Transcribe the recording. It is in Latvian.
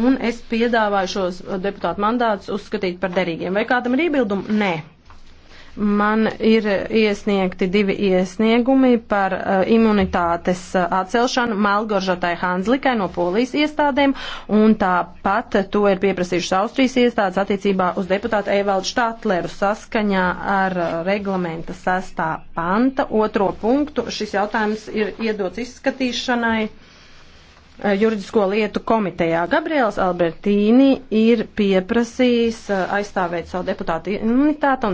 un es piedāvāju šos deputātu mandātus uzskatīt par derīgiem. Vai kādam ir iebildumi? Nē. Man ir iesniegti divi iesniegumi par uh, imunitātes uh, atcelšanu Melgoržotai Hanslikai no polijas iestādēm, un tāpat to ir pieprasījušas Austrijas iestādes attiecībā uz deputātu Eivaldu Štatleru saskaņā ar uh, reglamenta sastā panta otro punktu. Šis jautājums ir iedots izskatīšanai. Eh, juridisko lietu komitejā. Gabriels Albertīni ir pieprasījis eh, aizstāvēt savu deputātu imunitātu un